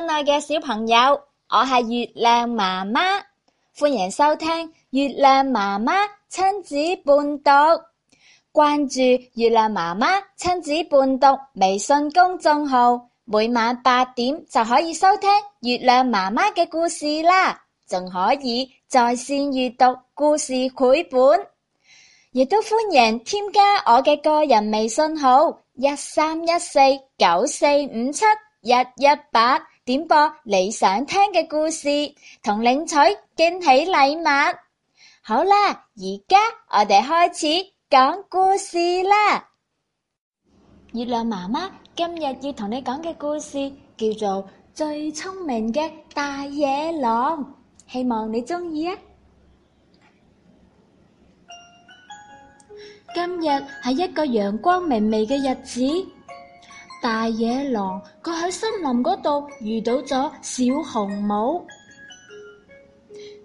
親愛嘅小朋友，我係月亮媽媽，歡迎收聽月亮媽媽親子伴讀。關注月亮媽媽親子伴讀微信公眾號，每晚八點就可以收聽月亮媽媽嘅故事啦，仲可以在綫閱讀故事繪本，亦都歡迎添加我嘅個人微信號一三一四九四五七一一八。點播你想聽嘅故事，同領取驚喜禮物。好啦，而家我哋開始講故事啦。月亮媽媽今日要同你講嘅故事叫做《最聰明嘅大野狼》，希望你鍾意啊！今日係一個陽光明媚嘅日子。大野狼佢喺森林嗰度遇到咗小紅帽。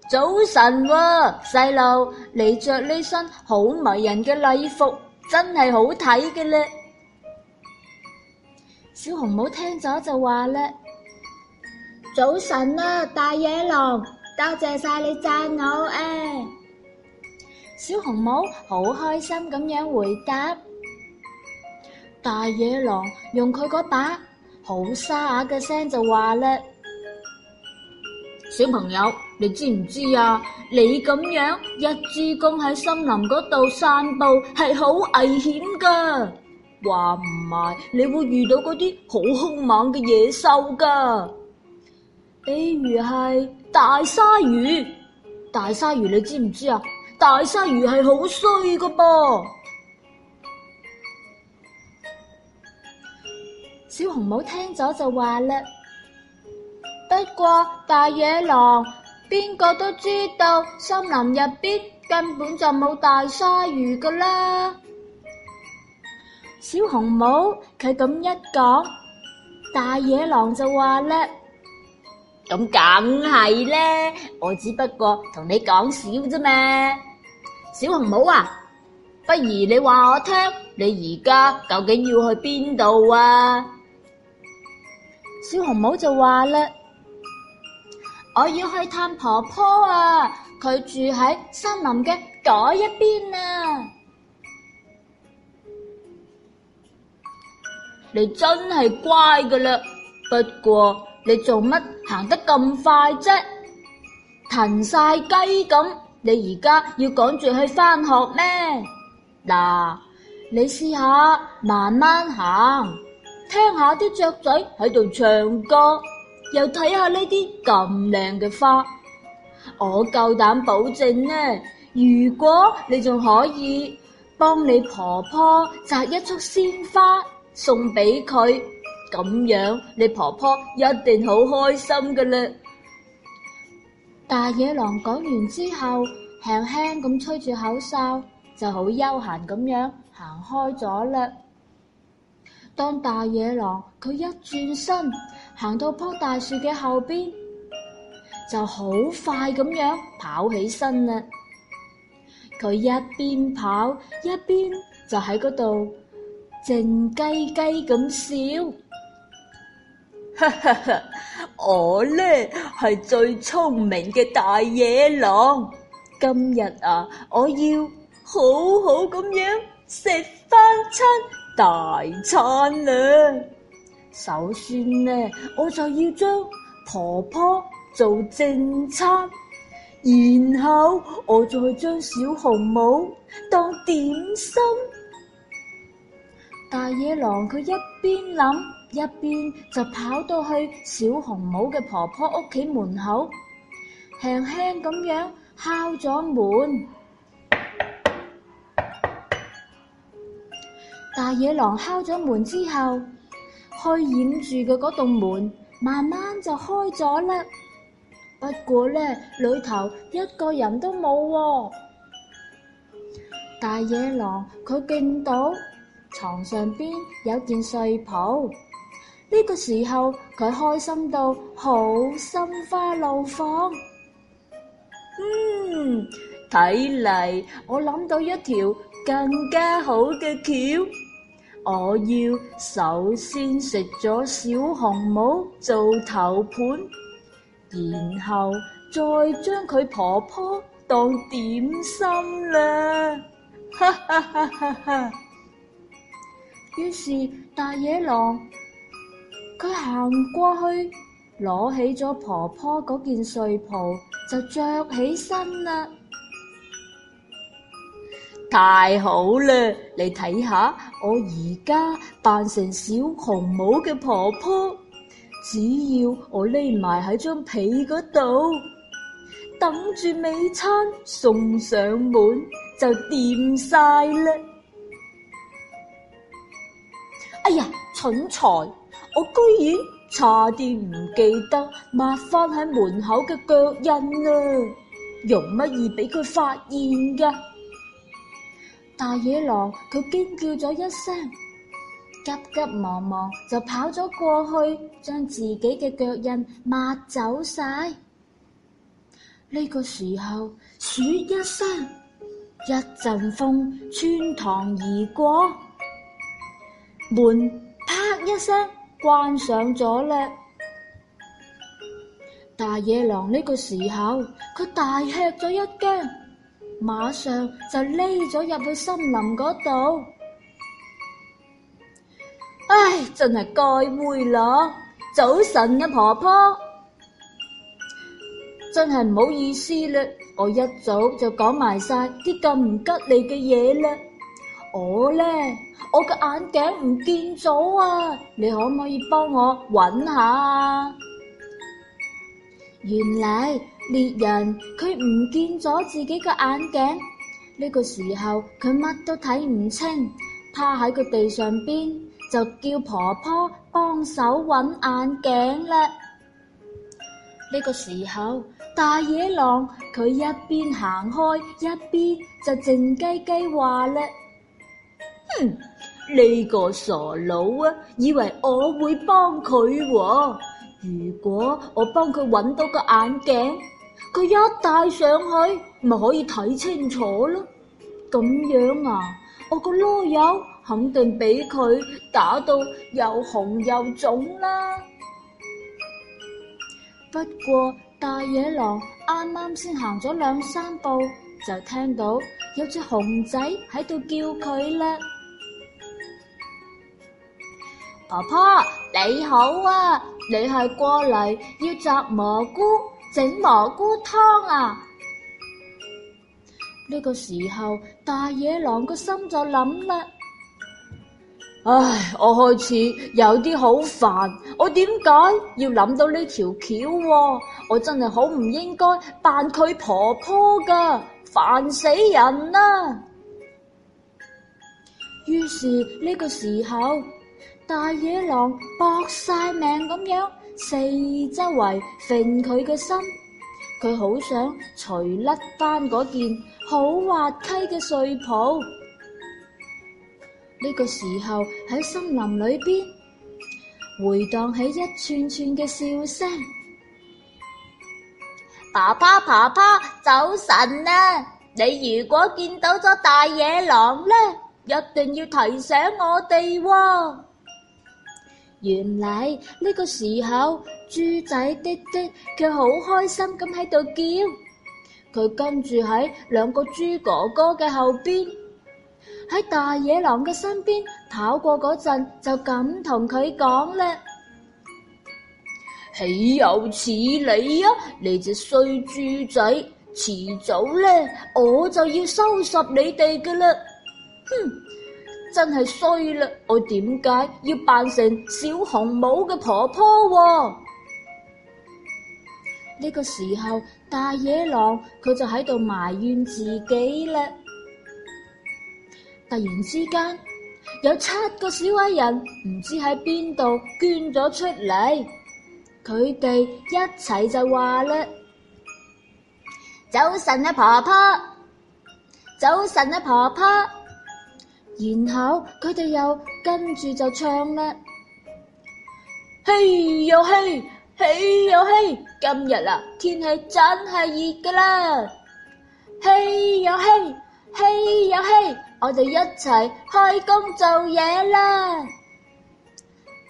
早晨喎、啊，細路，你着呢身好迷人嘅禮服，真係好睇嘅咧。小紅帽聽咗就話咧：早晨啦、啊，大野狼，多謝晒你讚我誒、啊。小紅帽好開心咁樣回答。大野狼用佢嗰把好沙啞嘅聲就話咧：小朋友，你知唔知啊？你咁樣一支公喺森林嗰度散步係好危險噶，話唔埋你會遇到嗰啲好兇猛嘅野獸噶，比如係大鯊魚。大鯊魚你知唔知啊？大鯊魚係好衰噶噃。小紅帽聽咗就話啦，不過大野狼邊個都知道，森林入邊根本就冇大鯊魚噶啦。小紅帽佢咁一講，大野狼就話啦，咁梗係咧，我只不過同你講笑啫嘛。小紅帽啊，不如你話我聽，你而家究竟要去邊度啊？小紅帽就話啦：我要去探婆婆啊，佢住喺森林嘅嗰一邊啊。 你真係乖噶啦，不過你做乜行得咁快啫？騰晒雞咁，你而家要趕住去返學咩？嗱，你試下慢慢行。聽下啲雀仔喺度唱歌，又睇下呢啲咁靚嘅花，我夠膽保證呢，如果你仲可以幫你婆婆摘一束鮮花送俾佢，咁樣你婆婆一定好開心噶啦。大野狼講完之後，輕輕咁吹住口哨，就好悠閒咁樣行開咗啦。當大野狼佢一轉身，行到棵大樹嘅後邊，就好快咁樣跑起身啦。佢一邊跑一邊就喺嗰度靜雞雞咁笑，哈哈哈！我呢係最聰明嘅大野狼，今日啊，我要好好咁樣食返餐大餐啦！首先呢，我就要將婆婆做正餐，然後我再將小紅帽當點心。大野狼佢一邊諗一邊就跑到去小紅帽嘅婆婆屋企門口，輕輕咁樣敲咗門。大野狼敲咗門之後，去掩住嘅嗰棟門，慢慢就開咗啦。不過咧，裏頭一個人都冇喎。大野狼佢見到床上邊有件睡袍，呢個時候佢開心到好心花怒放。嗯。睇嚟，我諗到一條更加好嘅橋。我要首先食咗小紅帽做頭盤，然後再將佢婆婆當點心啦。哈哈哈！於是大野狼佢行過去，攞起咗婆婆嗰件睡袍，就着起身啦。太好啦！你睇下，我而家扮成小紅帽嘅婆婆，只要我匿埋喺張被嗰度，等住美餐送上門就掂晒啦！哎呀，蠢材！我居然差啲唔記得抹翻喺門口嘅腳印啊！容乜易俾佢發現噶？大野狼佢驚叫咗一聲，急急忙忙就跑咗過去，將自己嘅腳印抹走晒。呢個時候，鼠一聲，一陣風穿堂而過，門啪一聲關上咗嘞。大野狼呢個時候，佢大吃咗一驚。馬上就匿咗入去森林嗰度。唉，真係該煨啦！早晨啊，婆婆，真係唔好意思嘞。我一早就講埋晒啲咁唔吉利嘅嘢嘞。我咧，我嘅眼鏡唔見咗啊！你可唔可以幫我揾下？原來。獵人佢唔見咗自己嘅眼鏡，呢個時候佢乜都睇唔清，趴喺個地上邊就叫婆婆幫手搵眼鏡啦。呢個時候大野狼佢一邊行開一邊就靜雞雞話咧：，哼，呢個傻佬啊，以為我會幫佢喎？如果我幫佢搵到個眼鏡？佢一帶上去，咪可以睇清楚咯。咁樣啊，我個囉柚肯定畀佢打到又紅又腫啦。 不過大野狼啱啱先行咗兩三步，就聽到有隻熊仔喺度叫佢啦。 婆婆你好啊，你係過嚟要摘蘑菇？整蘑菇湯啊！呢個時候，大野狼個心就諗啦：唉，我開始有啲好煩，我點解要諗到呢條橋喎？我真係好唔應該扮佢婆婆噶，煩死人啦！於是呢個時候，大野狼搏晒命咁樣。四周圍揈佢嘅心，佢好想除甩翻嗰件好滑稽嘅睡袍。呢個時候喺森林裏邊回蕩起一串串嘅笑聲。爸爸爸爸走神啦！你如果見到咗大野狼咧，一定要提醒我哋、哦。原來呢個時候，豬仔滴滴佢好開心咁喺度叫，佢跟住，喺兩個豬哥哥嘅後邊，喺大野狼嘅身邊跑過嗰陣，就咁同佢講咧：豈有此理啊！你隻衰豬仔，遲早咧我就要收拾你哋㗎喇！哼！真係衰啦！我點解要扮成小紅帽嘅婆婆呢？呢個時候，大野狼佢就喺度埋怨自己啦。突然之間，有七個小矮人唔知喺邊度捐咗出嚟，佢哋一齊就話咧：早晨啊，婆婆，早晨啊，婆婆。然後佢哋又跟住就唱啦，嘿喲嘿，嘿喲嘿，今日啊天氣真係熱噶啦，嘿喲嘿，嘿喲嘿，我哋一齊開工做嘢啦，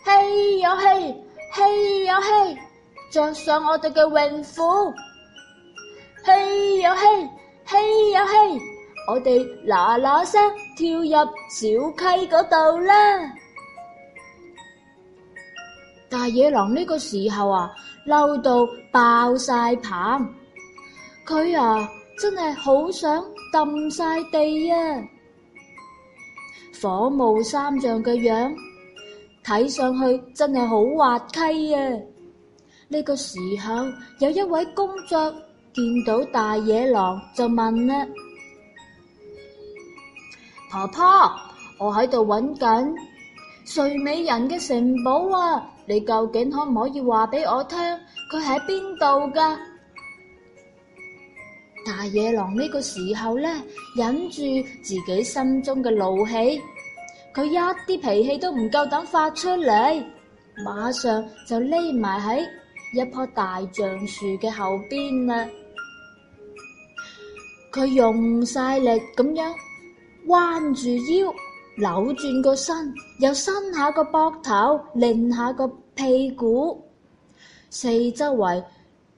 嘿喲嘿，嘿喲嘿，着上我哋嘅泳褲，嘿喲嘿，嘿喲嘿。我哋嗱嗱聲跳入小溪嗰度啦！大野狼呢個時候啊，嬲到爆晒棚，佢啊真係好想揼晒地啊，火冒三丈嘅樣睇上去真係好滑稽啊！呢個時候有一位工作見到大野狼就問啦。婆婆，我喺度揾緊睡美人嘅城堡啊！你究竟可唔可以話俾我聽佢喺邊度噶？大野狼呢個時候咧，忍住自己心中嘅怒氣，佢一啲脾氣都唔夠膽發出嚟，馬上就匿埋喺一棵大橡樹嘅後邊啦、啊。佢用晒力咁樣彎住腰，扭轉個身，又伸下個膊頭，擰下個屁股，四周圍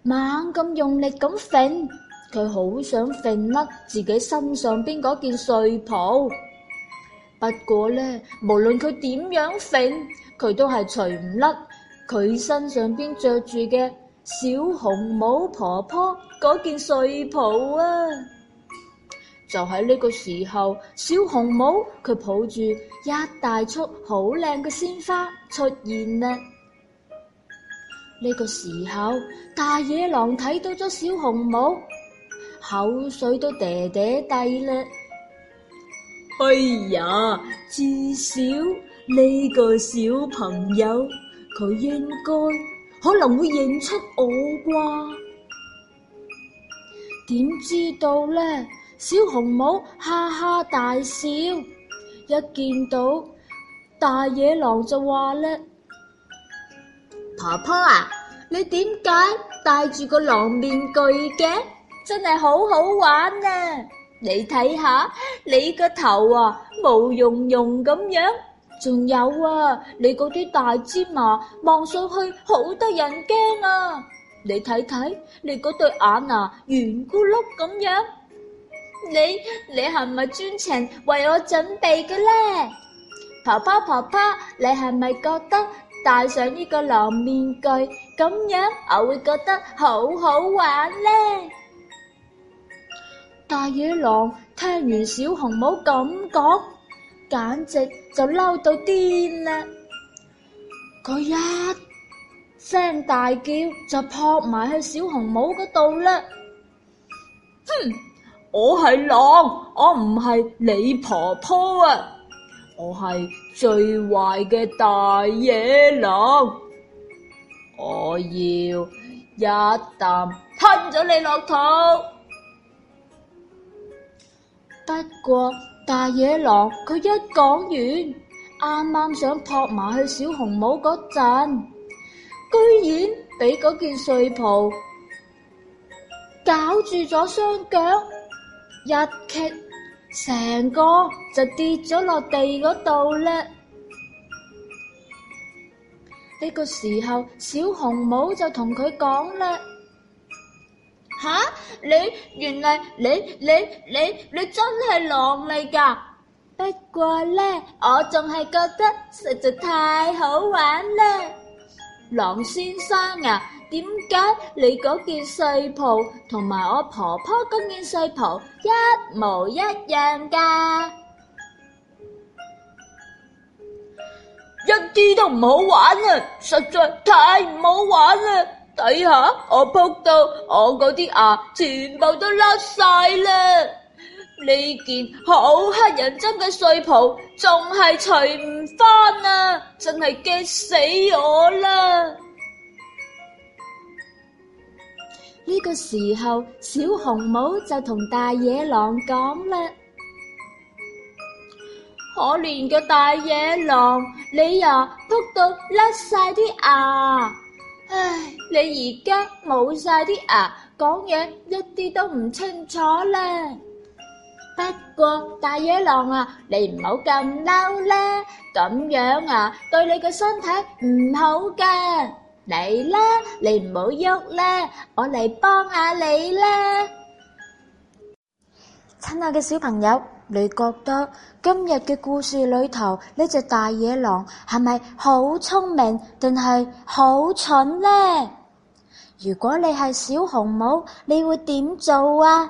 猛咁用力咁揈，佢好想揈甩自己身上邊嗰件睡袍。不過咧，無論佢點樣揈，佢都係除唔甩佢身上邊着住嘅小紅帽婆婆嗰件睡袍啊！就喺呢個時候，小紅帽佢抱住一大束好靚嘅鮮花出現咧。呢個時候，大野狼睇到咗小紅帽，口水都嗲嗲低咧。哎呀，至少呢個小朋友佢應該可能會認出我啩？點知道咧？小紅帽哈哈大笑，一見到大野狼就話咧，婆婆啊，你點解戴住個狼面具嘅？真係好好玩啊！你睇下你個頭啊，毛茸茸咁樣，仲有啊，你嗰啲大芝麻望上去好得人驚啊！你睇睇你嗰對眼啊，圓咕碌咁樣。你你係咪專程為我準備嘅咧？婆婆婆婆，你係咪覺得戴上呢個狼面具咁樣我會覺得好好玩咧？大野狼聽完小紅帽咁講，簡直就嬲到癲啦！佢一聲大叫就撲埋去小紅帽嗰度啦！哼！我係狼，我唔係你婆婆啊！我係最壞嘅大野狼，我要一啖吞咗你落肚。不過大野狼佢一講完，啱啱想撲埋去小紅帽嗰陣，居然俾嗰件睡袍搞住咗雙腳。一劇成個就跌咗落地嗰度咧，呢個時候小紅帽就同佢講啦：吓，你原來，你你你你真係狼嚟㗎！不過咧，我仲係覺得實在太好玩啦，狼先生啊！點解你嗰件睡袍同埋我婆婆嗰件睡袍一模一樣噶？一啲都唔好玩啊！實在太唔好玩啦！睇下我撲到，我嗰啲牙全部都甩晒啦！呢件好乞人憎嘅睡袍仲係除唔翻啊！真係激死我啦！呢個時候，小紅帽就同大野狼講啦：可憐嘅大野狼，你又、啊、撲到甩晒啲牙，唉，你而家冇晒啲牙，講嘢一啲都唔清楚啦。不過大野狼啊，你唔好咁嬲啦，咁樣啊，對你嘅身體唔好噶。嚟啦，你唔好喐啦，我嚟幫下你啦。親愛嘅小朋友，你覺得今日嘅故事裏頭呢隻大野狼係咪好聰明定係好蠢呢？如果你係小紅帽，你會點做啊？